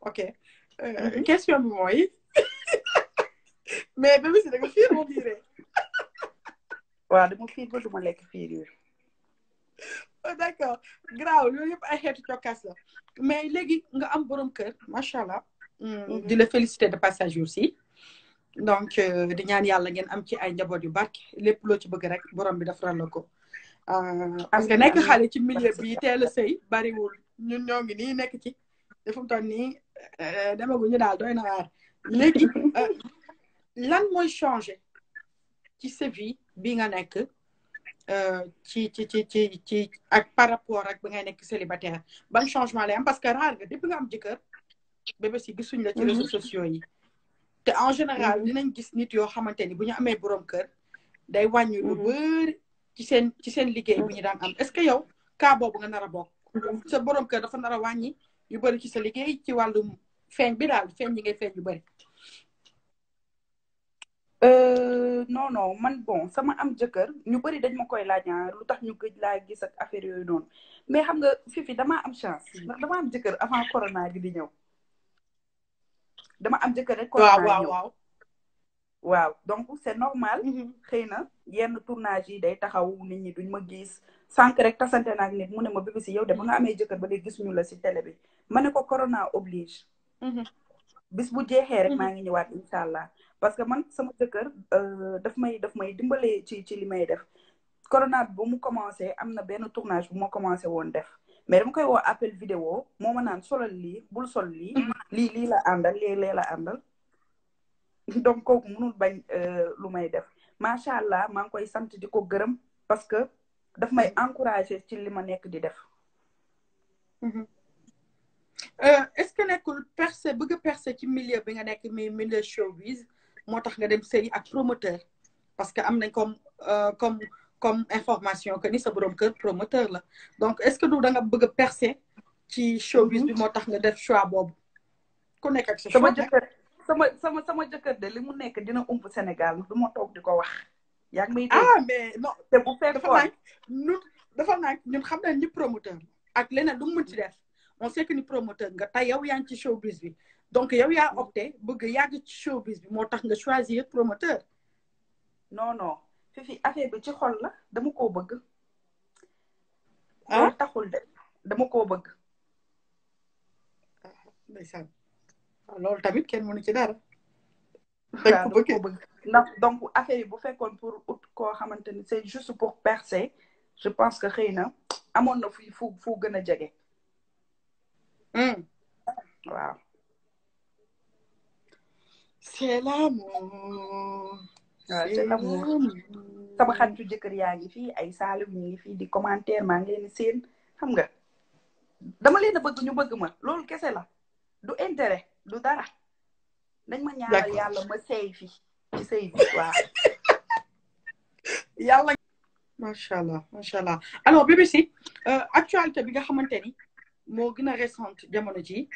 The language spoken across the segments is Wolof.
ok question bi mooy mais Bébé Seye da nga fiir moom fiiree. waaw dama fiir ba duma lekk fiir yi. d'accord graw loolu yëpp ay xeetu cokkaas la mais léegi nga am borom kër macha allah. Mm, mhm. di la féliciter de passage aussi. donc eh, di ñaan yàlla ngeen am ci ay njaboot yu barke lépp loo ci bëgg rek borom bi defaral la ko. Ah, parce que nekk xale ci milieu bi teel a sëy bariwul ñun ñoo ngi nii nekk ci. fu mu toll nii eh, demaguñu daal doy na léegi eh, lan mooy changé ci sa vie bi nga nekk eh, ci ci ci ci ci ak par rapport ak bi ngay nekk célibataire ban changement lay am parce que rare nga depuis nga am jëkkër bébé si gisuñ la ci mhm. réseaux sociaux yi te en général mhm. dinañ gis nit yoo xamante ni bu ñu amee borom kër day wàññi lu mhm. bëri ci seen ci seen liggéey bu ñu daan am est-ce que yow ka boobu nga nar a bokk sa borom kër dafa nar a wàññi yu bëri ci sa liggéey ci wàllum feeñ bi daal feeñ yi ngay feeñ yu bëri. Euh, non non man bon sama am jëkkër ñu bëri dañ ma koy laaj ah, lu tax ñu gëj laa gis ak affaire yooyu noonu mais xam nga fifi damaa am chance ndax dama am jëkkër avant corona gi di ñëw. dama am jëkkër rek. corona ñëw waaw donc c'est normal. Mhm. xëy na yenn tournage yi day taxaw nit ñi duñ ma gis. sànq rek tasante naak nit mu ne ma BBC yow de ba amee jëkkër ba léegi gisuñu la si télé bi ma ne ko corona oblige. Mhm. bis bu jeexee rek mhm. maa ngi ñëwaat incha allah parce que man sama jëkkër euh, daf may daf may dimbale ci ci li may def. corona bi ba mu commencé am na benn tournage bu ma commencé woon def mais dama koy wo appel vidéo moo ma naan solal lii bul sol lii. lii lii la àndal lii lee la àndal. donc kooku mënul bañ euh, lu may def macha allah maa koy sant di ko gërëm parce que daf may mhm. encourager ci li ma nekk di def. Mhm. Euh, est-ce que nekkul percer bëgg a percer ci milieu bi nga nekk mi milieu showbiz moo tax nga dem série ak promoteur parce que am nañ comme euh, comme comme information que ni borom kër promoteur la donc est-ce que du da nga bëgg a percer ci showbiz bi mhm. moo tax nga def choix boobu ku nekk ak sa choix sama sama sama jëkkër de li mu nekk dina ump Sénégal du ma toog di ko wax. yaa ngi may ah mais non te bu fekkoon dafa naan ñun xam nañ ni promoteur ak leneen lu mu ci def on sait que ni promoteur nga tey yow yaa ngi ci showbiz bi donc yow yaa opté bëgg yàgg ci showbiz bi moo tax nga choisir promoteur. non non fifi affaire bi ci xol la dama koo bëgg. ah taxul de dama koo bëgg. Ah, ndeysaan loolu tamit kenn mënu ci dara. waaw ndax donc affaire yi bu fekkoon pour ut koo xamante ni c'est juste pour percer je pense que xëy na amoon na fu fu fu gën a jege. Hmm. waaw. c'est l'amour. c'est l'amour sama xaritu jëkkër yaa ngi fii ay Saalum ñu ngi fii di commentaire maa ngi leen seen xam nga dama leen a bëgg ñu bëgg ma loolu kese la du intérêt. du dara dañ ma ñaanal yàlla ma sëy fi ci sëy bi yàlla macha allah macha allah alors bébé si euh, actualité bi nga xamante ni moo gën a récente jamono ji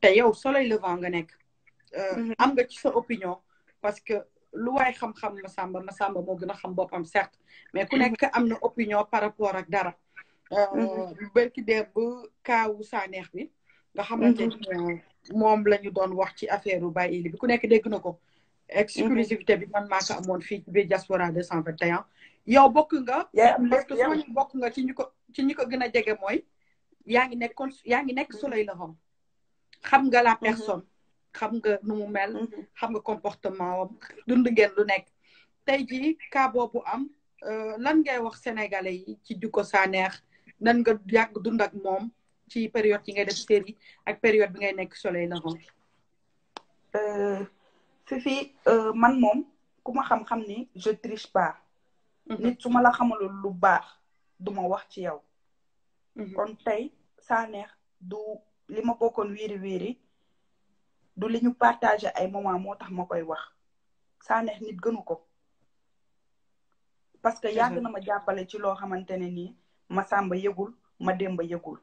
te yow soleil levant nga nekk euh, mhm. am nga ci sa opinion parce que lu waay xam-xam Massamba Massamba moo gën a xam boppam certes mais ku mhm. nekk am na opinion par rapport ak dara bërki dee bu kaawu neex bi nga xamante mhm. moom lañu doon wax ci affaire u Baye Ely bi ku nekk dégg na ko exclusivité bi man maa ko amoon fii biir diaspora deux cent vingt et un yow bokk nga parce que bokk nga ci ñu ko ci ñu ko gën a jege mooy yaa ngi nekk yaa ngi nekk soleil levant xam nga la mhm. personne xam nga nu mu mel mhm. xam nga comportement wam dund ngeen lu nekk tey jii cas boobu am euh, lan ngay wax sénégalais yi ci Djiko Sanex nan nga yàgg dund ak moom ci période yi ngay def série ak période bi ngay nekk soleil levant. Euh, Fifi euh, man moom ku ma xam-xam ni je triche mhm. nit su ma la xamalul lu baax du ma wax ci yow. Mhm. kon tey saa neex du li ma bokkoon wiiri wiiri du li ñu partagé ay moment moo tax ma koy wax saa neex nit gënu ko. parce que yàgg na ma jàppale ci loo xamante ne nii ma sàmba yëgul ma demba yëgul.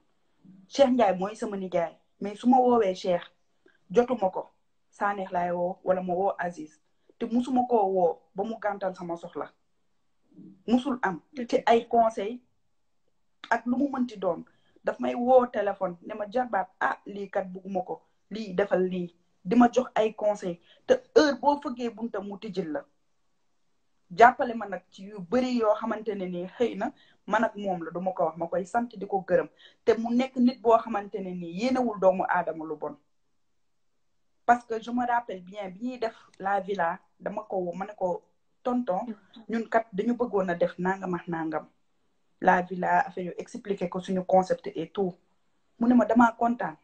Cheikh Ndiaye mooy sama nijaay mais su ma woowee Cheikh jotuma ko Sanex woo wala ma woo Aziz te musuma koo woo ba mu gàntal sama soxla musul am te ay conseil ak lu mu mënti doon daf may woo téléphone ne ma jarbaat ah lii kat bugguma ko lii defal lii di ma jox ay conseil te heure boo fëggee bunta mu tijjil la jàppale ma nag ci yu bëri yoo xamante ne nii xëy na man ak moom la duma ko wax ma koy sant di ko gërëm te mu nekk nit boo xamante ne nii yéenewul doomu aadama lu bon parce que je me rappelle bien bi ñuy def la villa dama ko woo ma ne ko tonton ñun kat dañu bëggoon a def nangam ak nangam la villa affaire yu expliqué ko suñu concept et tout mu ne ma damaa kontaan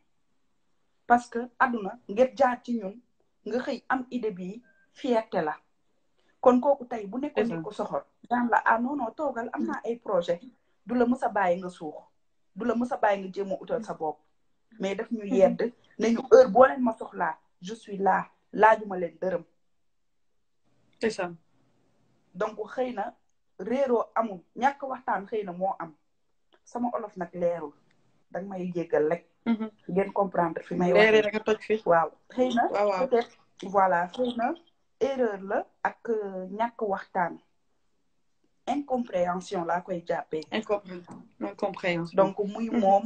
parce que àdduna nget jaar ci ñun nga xëy am idée bi fierté la kon kooku tey bu nekkoon ne ko soxor daan la ah non non toogal am na ay projet du la mës a bàyyi nga suux du la mës a bàyyi nga jéem a utal sa bopp mais daf ñu yedd nañu heure bo leen ma soxlaa je suis là laajuma leen dërëm c'est ça donc xëy na réeroo amu ñàkk waxtaan xëy na moo am sama olof nag leerul danga may jéggal rek mhm. ngeen comprendre fi may wax waaw xëy na voilà xëy na erreur la ak euh, ñàkk waxtaan incompréhension la koy jàppee. incompréhension donc muy mhm. moom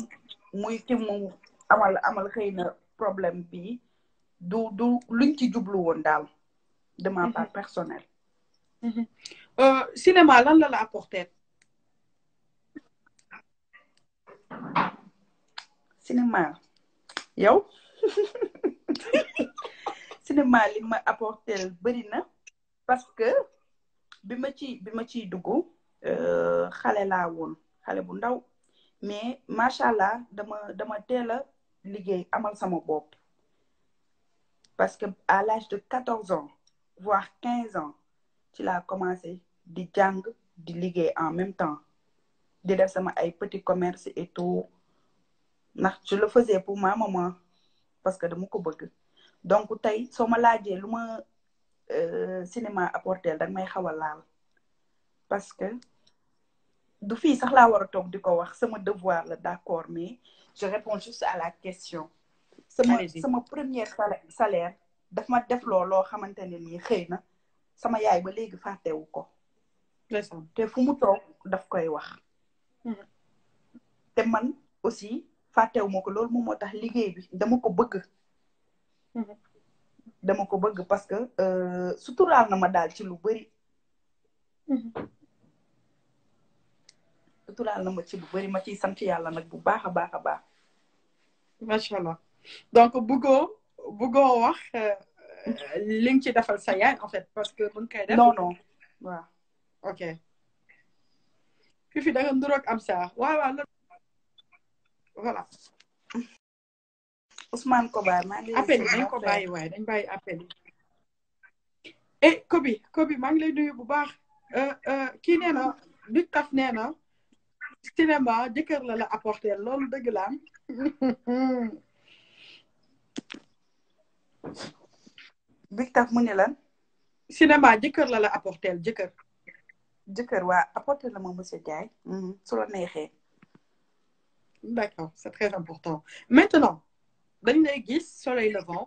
muy ki mu amal amal xëy na problème bi du du luñ ci jublu woon daal de ma mhm. part personnelle. Mhm. Euh, cinéma lan la la apporté. cinéma yow. vraiment li ma apporté bëri na parce que bi ma ci bi ma ciy dugg euh, xale laa woon xale bu ndaw mais macha allah dama dama teel a liggéey amal sama bopp parce que à l'âge de quatorze ans voire quinze ans ci laa commencé di jàng di liggéey en même temps di def sama ay petit commerce et tout ndax ci le faisais pour ma maman parce que dama ko bëgg donc tey soo ma laajee lu ma euh, cinéma apporté danga may xaw a laal parce que du fii sax laa war toog di ko wax sama devoir la d'accord mais je réponds juste à la question sama sama première salaire daf ma def loo loo xamante ne nii xëy na sama yaay ba léegi fàttewu ko te fu mu toog daf koy wax mm-hmm. te man aussi fàttewu ma ko loolu moom moo tax liggéey bi dama ko bëgg Mhm. dama ko bëgg parce que euh, suturaal na ma daal ci lu bëri. Mhm. suturaal na ma ci lu bëri ma ciy sant yàlla nag bu baax a baax a baax. macha allah donc bëggoo bëggoo wax euh, li nga ci defal sa yaay en fait parce que mën kay def. non non waaw. ok. Fifi da nga nduroog am saa waaw waaw voilà. Ousmane Koba maa ngi appel yi dañ ko bàyyi waaye dañ bàyyi appel yi eh Kobi Kobi lay nuyu bu baax euh, euh, kii nee na Big Taf nee na cinéma jëkkër la la apporté loolu dëgg laam Big mu ne lan cinéma jëkkër la la apporté jëkkër jëkkër waa apporté la ma monsieur Ndiaye mhm, su la d'accord c'est très important maintenant dañ lay gis soleil levant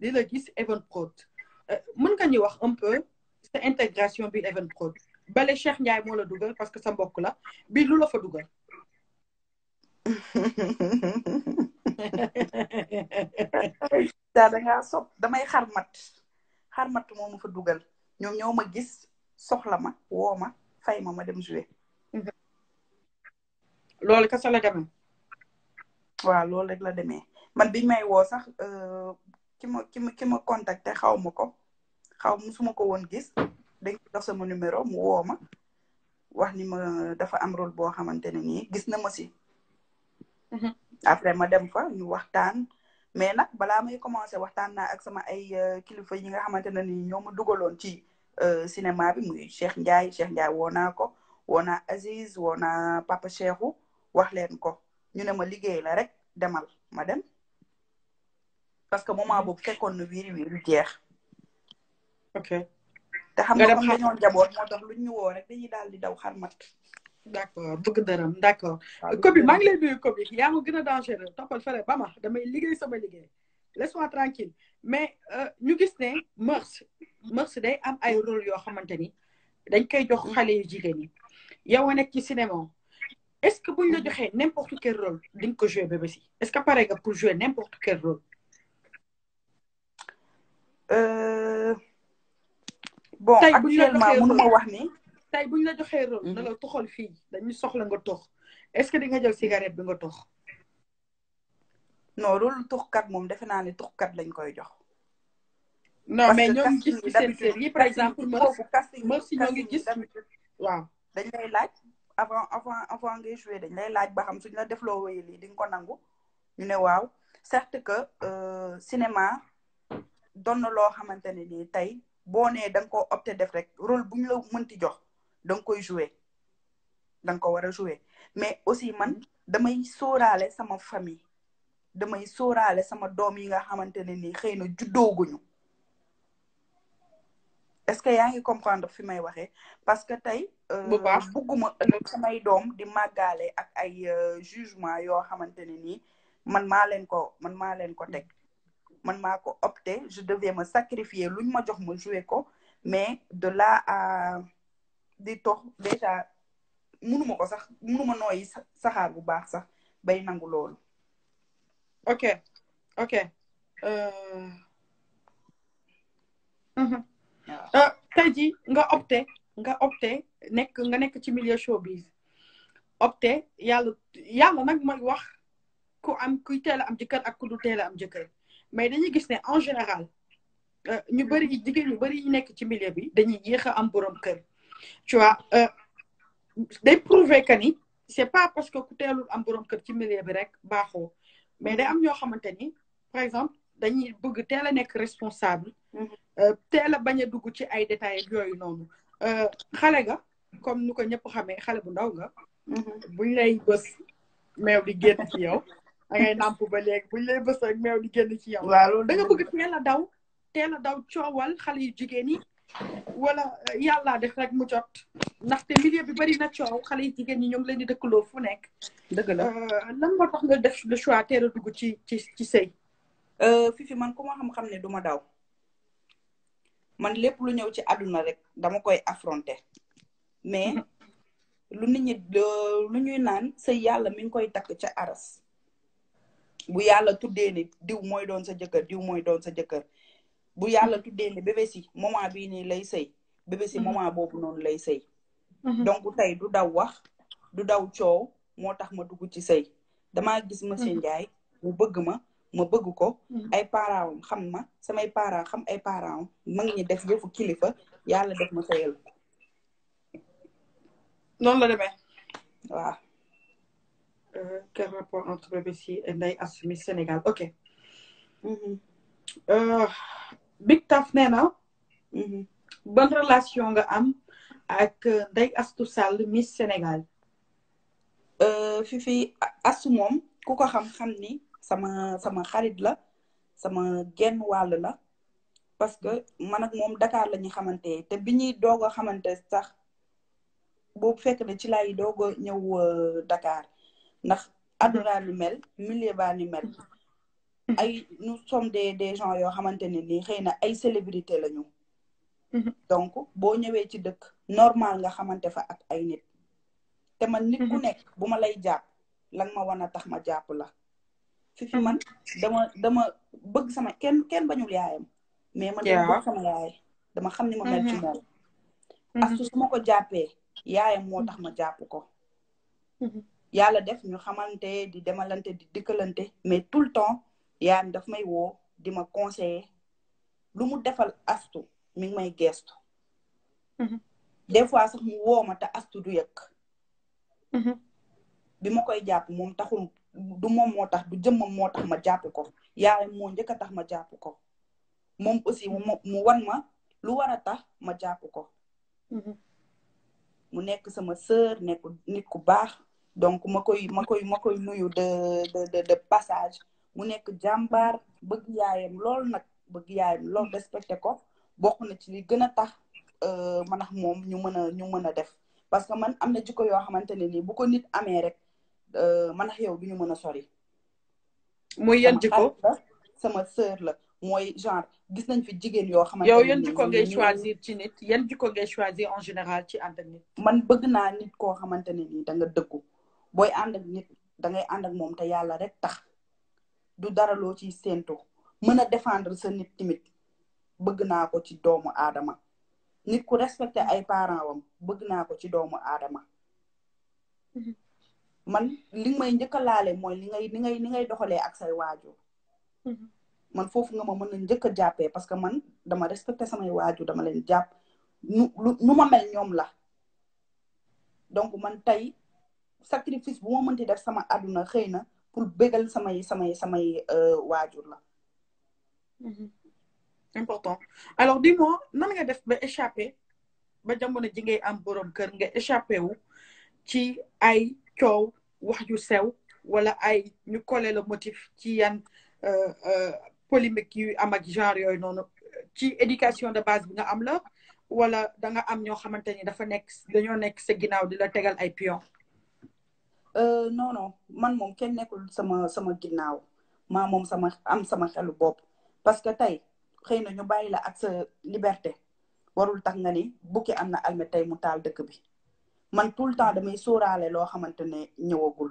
di la gis Evenprod euh, mën nga ñu wax un peu sa intégration bi Evenprod bale Cheikh ndiay moo la dugal parce que sa mbokk la bi lu la fa dugal daa dangaa sopp damay xarmat xarmat moo ma fa dugal ñoom ñoo ma gis soxla ma woo ma fay ma ma dem jouer mhm. loolu kese la demee waaw loolu rek la demee man biñ may woo sax euh, ki ma ki ma ki ma contacté xaw ma ko xaw musuma ko woon gis dañ ko jox sama numéro mu woo ma wax ni ma dafa am rôle boo xamante ne nii gis na ma si mhm. après ma dem fa ñu waxtaan mais nag balaa may commencé waxtaan naa ak sama ay euh, kilifa yi nga xamante ne nii ñoo ma dugaloon ci euh, cinéma bi muy ndiay Ndiaye Cheikh Ndiaye woo naa ko woo naa Aziz woo naa Papa Cheikhou wax leen ko ñu ne ma liggéey la rek demal ma dem parce que moment boobu fekkoon na wiiri wiiri jeex. ok te xam nga njaboot moo tax lu ñu woo rek dañuy daal di daw xarmat. d' accord bëgg dërëm d' accord. Kobi maa ngi lay nuyu Kobi yaa ngi gën a dangereux toppal fële ba ma damay liggéey sama liggéey. le moi tranquille mais euh, ñu gis ne mœurs mœurs day am ay rôle yoo xamante ni dañ koy jox xale yu jigéen ñi yow a nekk ci cinéma est ce que buñ la joxee n' importe quel rôle di nga ko jouer bébé si est ce que pare nga pour jouer n' importe quel Euh, bon actuellement mënu ma wax ni. tey bu ñu la joxee rôle. na mhm. fii dañuy soxla nga tox est-ce que di nga jël cigarette bi nga tox. non loolu tuxkat moom defe naa ne tuxkat lañ koy jox. non mais ñoo ngi gis seen série par exemple mër si ñoo ngi gis waaw. dañ lay laaj avant avant avant jouer dañ lay laaj ba xam suñ la defloo wéyal yi di ko nangu ñu ne waaw certes que euh, cinéma. donn loo xamante ne nii tey boo nee da nga ko opté def rek rôle bu ñu la mënti jox da nga koy joué da nga ko war a joué mais aussi man mm-hmm. damay sóoraale sama famille damay sóoraale sama doom yi nga xamante ne nii xëy na juddooguñu est-ce que yaa ngi comprendre fi may waxee parce que tey euh, bu baax bugguma ëllëg samay doom di màggaale ak ay euh, jugement yoo xamante ne nii man maa leen ko man maa leen ko teg man maa ko opté je devais me sacrifier luñ ma jox ma jouer ko mais de la à di tox déjà mënuma ko sax mënuma nooyi saxaar bu baax sax bay nangu loolu ok ok euh... mm-hmm. Euh, ji nga opté nga opté nekk nga nekk ci milieu showbiz opté yàlla yàlla nag mooy wax ku am kuy teel a am jëkkër ak ku du teel am jëkkër mais dañuy gis ne en général euh, ñu bëri jigéen ñu bëri ñu nekk ci milieu bi dañuy yéex a am borom kër tu vois euh, day prouver que ni c'est pas parce que ku teelul am kër ci millier bi rek baaxoo mais day am ñoo xamante ni par exemple dañuy bëgg teel a nekk responsable. Mm-hmm. Euh, teel a bañ a dugg ci ay détails yooyu noonu. xale ga comme nu ko ñëpp xamee xale bu ndaw nga. Mm-hmm. buñ lay bës meew di génn ci yow. da ngay nàmp ba léegi buñ lay bës rek meew di génn ci yow. waaw loolu da nga bëgg teel a daw teel a daw coowal xale yu jigéen yi wala eh, yàlla def rek mu jot ndaxte milieu bi bari na coow xale yu jigéen ñi ñoo ngi leen di dëkkaloo fu nekk. dëgg la eh, lan moo tax nga def le choix teel a ci ci ci sëy. Eh, fifi man ku ma xam-xam ne duma daw man lépp lu ñëw ci àdduna rek dama koy affronté mais mm-hmm. lu nit ñi lu ñuy naan sëy yàlla mi ngi koy takk ca aras. bu yàlla tuddee ne diw mooy doon sa jëkkër diw mooy doon sa jëkkër bu yàlla tuddee ne bébé si moment nii lay sëy bébé si mhm. moment boobu noonu lay sëy mhm. donc tey du daw wax du daw coow moo tax ma dugg ci sëy dama gis mhm. monsieur Ndiaye mu bëgg ma ma bëgg ko ay parents xam ma samay parents xam ay parents mag ñi def yëfu kilifa yàlla def ma sëyal ko la demee waaw Euh, quel rapport entre BBC et Ndeye Astou Miss Sénégal ok. Mm -hmm. uh, Big Taf na. Mhm. ban relation nga am ak Ndeye Astou Sall Miss Sénégal. Uh, Fifi Astou moom ku ko xam-xam ni sama sama xarit la sama genn wàll la parce que man ak moom Dakar la ñu xamante te bi ñuy doog xamante sax boobu fekk na ci laay doogo a ñëw euh, Dakar. ndax adduna lu mel milieu baa ni mel ay nous sommes des des gens yoo xamante ne nii xëy na ay célébrité la ñu mhm. donc boo ñëwee ci dëkk normal nga xamante fa ak ay nit te ma nit ku mhm. nekk bu ma lay jàpp lan ma wan a tax ma jàpp la fi mhm. man dama dama bëgg sama kenn kenn bañul yaayam mais man dama bëgg sama dama xam ni ma mel ci moom astu su ma ko jàppee yaayam moo tax ma jàpp ko yàlla def ñu xamante di demalante di dikkalante mais tout le temps yaayam daf may woo di ma conseiller lu mu defal astu mi may geestu mm-hmm. des fois sax mu woo ma astu du yëg mm-hmm. bi ma koy jàpp moom taxul du moom moo tax du jëmmam moo tax ma jàpp ko yaayam moo njëkk a tax ma jàpp ko moom aussi mu war ma lu war a tax ma jàpp ko mm-hmm. mu nekk sama sœur nekku nit ku baax donc ma koy ma koy ma nuyu de de de passage mu nekk jàmbaar bëgg yaayam lool nag bëgg yaayam lool respecté ko bokk na ci li gën a tax euh, man ak moom ñu mën a ñu mën a def parce que man am na jikko yoo xamante ne nii bu ko nit amee rek euh, man ak yow bi ñu mën a sori. muy yan jikko sama sœur la mooy genre gis nañ fi jigéen yoo xamante ne yow yan jikko ngay choisir ci nit yan jikko ngay choisir en général ci ànd man bëgg naa nit koo xamante ni nii da nga dëggu. booy ànd ak nit da ngay ànd ak moom te yàlla rek tax du dara loo ciy séentu mën a défendre sa nit timit bëgg naa ko ci doomu aadama nit ku respecté ay parents wam bëgg naa ko ci doomu aadama mhm. man li may njëkk a laale mooy li ngay li ngay li ngay doxalee ak say waajur mhm. man foofu nga ma mën a njëkk a jàppee parce que man dama respecté samay waaju dama leen jàpp nu nu ma mel ñoom la donc man tey sacrifice bu ma mënti def sama àdduna xëy na pour bégal samay samay samay euh, waajur la. Mhm. important alors dis-moi nan nga def ba échappé ba jamono ji ngay am borom kër nga échappé wu ci ay coow wax ju sew wala ay ñu collé le motif ci yan euh, euh, polémique yu am ak genre yooyu noonu ci éducation de base bi nga am la wala danga am ñoo xamante ni dafa nekk dañoo nekk sa ginnaaw di la tegal ay pion Euh, non non man moom kenn nekkul sama sama ginnaaw maa moom sama am sama xelu bopp parce que tey xëy na ñu bàyyi la ak sa liberté warul tax nga ni bukki am na almet tey mu taal dëkk bi man tout le temps damay sóoraale loo xamante ne ñëwagul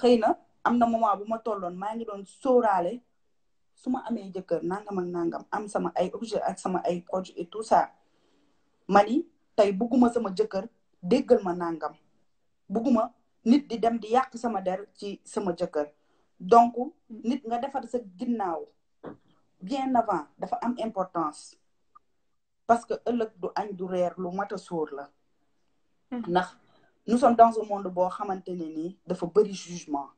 xëy na am na moment bu ma tolloon maa ngi doon sóoraale su ma amee jëkkër nangam ak nangam am sama ay objet ak sama ay produits et tout ça mani tey bugguma sama jëkkër déggal ma nangam bugguma nit di dem di yàq sama der ci sama jëkkër donc nit nga defar sa ginnaaw bien avant dafa am importance parce que ëllëg du añ du reer lu mat a sóor la hmm. ndax nous sommes dans un monde boo xamante ne nii dafa bëri jugement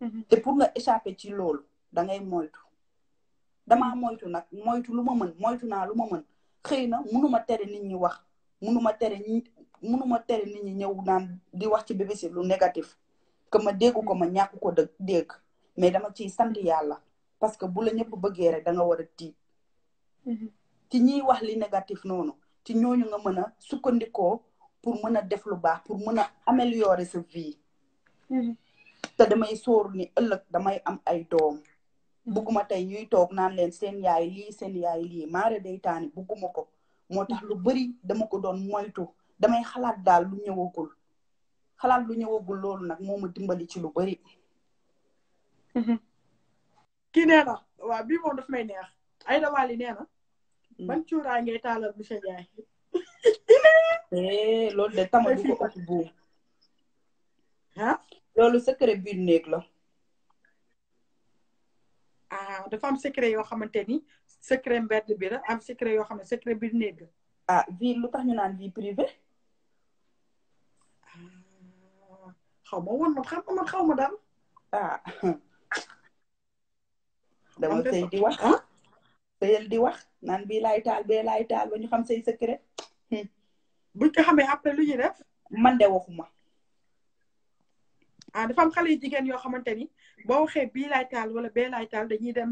hmm. te pour nga échapper ci loolu da ngay moytu damaa moytu nag moytu lu ma mën moytu naa lu ma mën xëy na munuma tere nit ñi wax munuma tere mënuma tere ni ñi ñëw naan di wax ci BBC lu négatif que ma dégg ko ma ñàkk ko dë dégg mais dama ciy sant yàlla parce que bu la ñëpp bëggee rek da war a tiit mm-hmm. ci ñiy wax li négatif noonu ci ñooñu nga mën a sukkandikoo pour mën a def lu baax pour mën a améliorer sa vie mm-hmm. te damay sóoru ni ëllëg damay am ay doom mm-hmm. bugguma tey ñuy toog naan leen seen yaay lii seen yaay lii maara day taani bugguma ko moo tax lu bëri dama ko doon moytu damay xalaat daal lu ñëwagul xalaat lu ñëwagul loolu nag moom ma dimbali ci lu bari. Mhm. kii nee na waaw bii daf may neex ay dawaali nee na. Mm. ban cuuraay ngay taalal monsieur Ndiaye. Eh, loolu de tama du ko ëpp buum. loolu secret biir néeg la. a ah, dafa am secret yoo xamante ni secret mbedd bi la am secret yoo xam ne secret biir néeg la. ah vie lu tax ñu naan vie privée. xaw ma woon man xaw ma daal ah. dama sëy di wax ah. sëyal di wax naan bii lay taal bee laay taal ba ñu xam say secret. buñ ko xamee après lu ñuy def. man de waxuma. ah dafa am xale yu jigéen yoo xamante ni boo waxee bii laay taal wala bee laay taal dañuy dem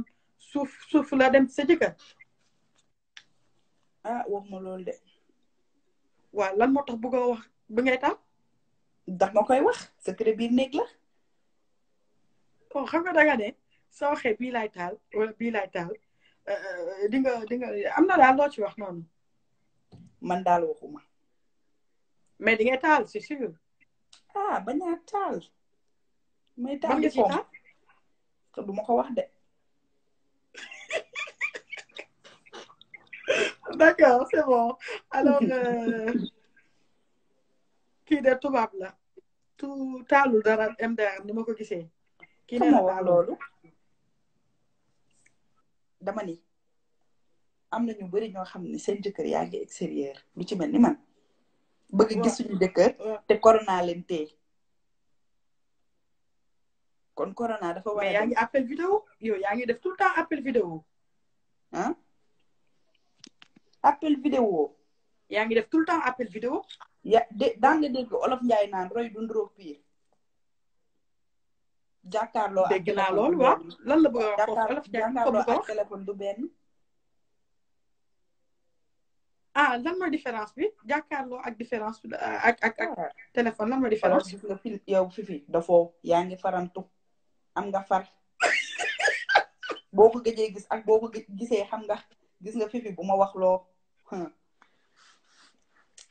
suuf suuf la dem sa jëkkër. ah waxuma loolu de. waaw lan moo tax bëggoo wax bi ngay taal. ndax ma koy wax secret biir néeg la. o xam nga danga ne soo waxee bii laay taal wala bii laay taal euh, euh, di nga di nga am na daal loo ci wax noonu. man daal waxuma. mais di nga taal c'est sûr. ah bañ a taal. may taal di so te du ko wax de. d'accord c'est bon euh, kii de tubaab la tu dara ni ma ko gisee. kii nee na wax loolu. dama ni am na ñu bari ñoo xam ne seen jëkkër yaa ngi extérieur lu ci mel ni man. bëgg gis suñu jëkkër. te corona leen téye. kon corona dafa war a. yaa ngi appel vidéo yow yaa ngi def tout le temps appel vidéo. ah. yaa ngi def tout le temps appel vidéo. ya de daan nga dégg olof njaay naan roy du nduróog piir jàkkaarloo ak naa loolu a wax foofu olof jàkkaarloo ak téléphone du benn ah lan mooy différence bi jàkkaarloo ak différence ah, ak ak ak ah. téléphone lan mooy différence fi yow fifi dafoo yaa ngi farantu am nga far boo ko gëjee gis ak boo ko xam nga gis nga fifi bu ma wax loo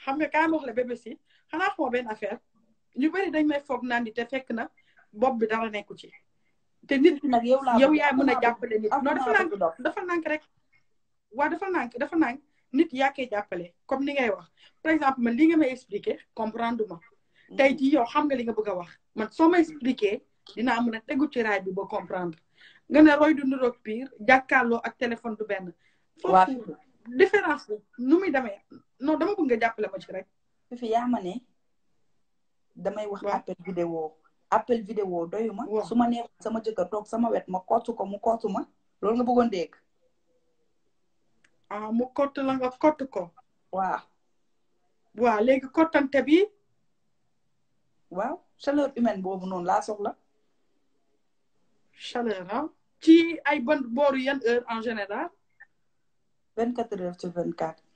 xam nga kaay ma wax la BBC xanaa xamoo benn affaire ñu bëri dañ may foog naan di te fekk na bopp bi dara nekku ci. te nit ki nag yow laa yow yaay mën a jàppale nit non dafa nànk dafa nànk rek. wa dafa nànk dafa nànk nit yaa koy jàppale comme ni ngay wax par exemple ma li nga may expliquer comprendre ma. tey jii yow xam nga li nga bëgg a wax man soo ma expliquer dinaa mën a tegu ci raay bi ba comprendre nga ne roy du niroog piir jàkkaarloo ak téléphone du benn. foofu différence nu muy demee non dama bëgg nga jàppale ma ci rek. fi fi ma ne damay wax appel vidéo appel vidéo doyuma. waaw su ma neexoon sama jëkk a toog sama wet ma kottu ko mu kottu ma loolu nga bëggoon dégg. a ah, mu kott la kott ko. waaw. léegi kottante bi. waaw chaleur humaine boobu noonu laa soxla. chaleur ah. ci ay ban booru yan heure en général. 24 heures sur 24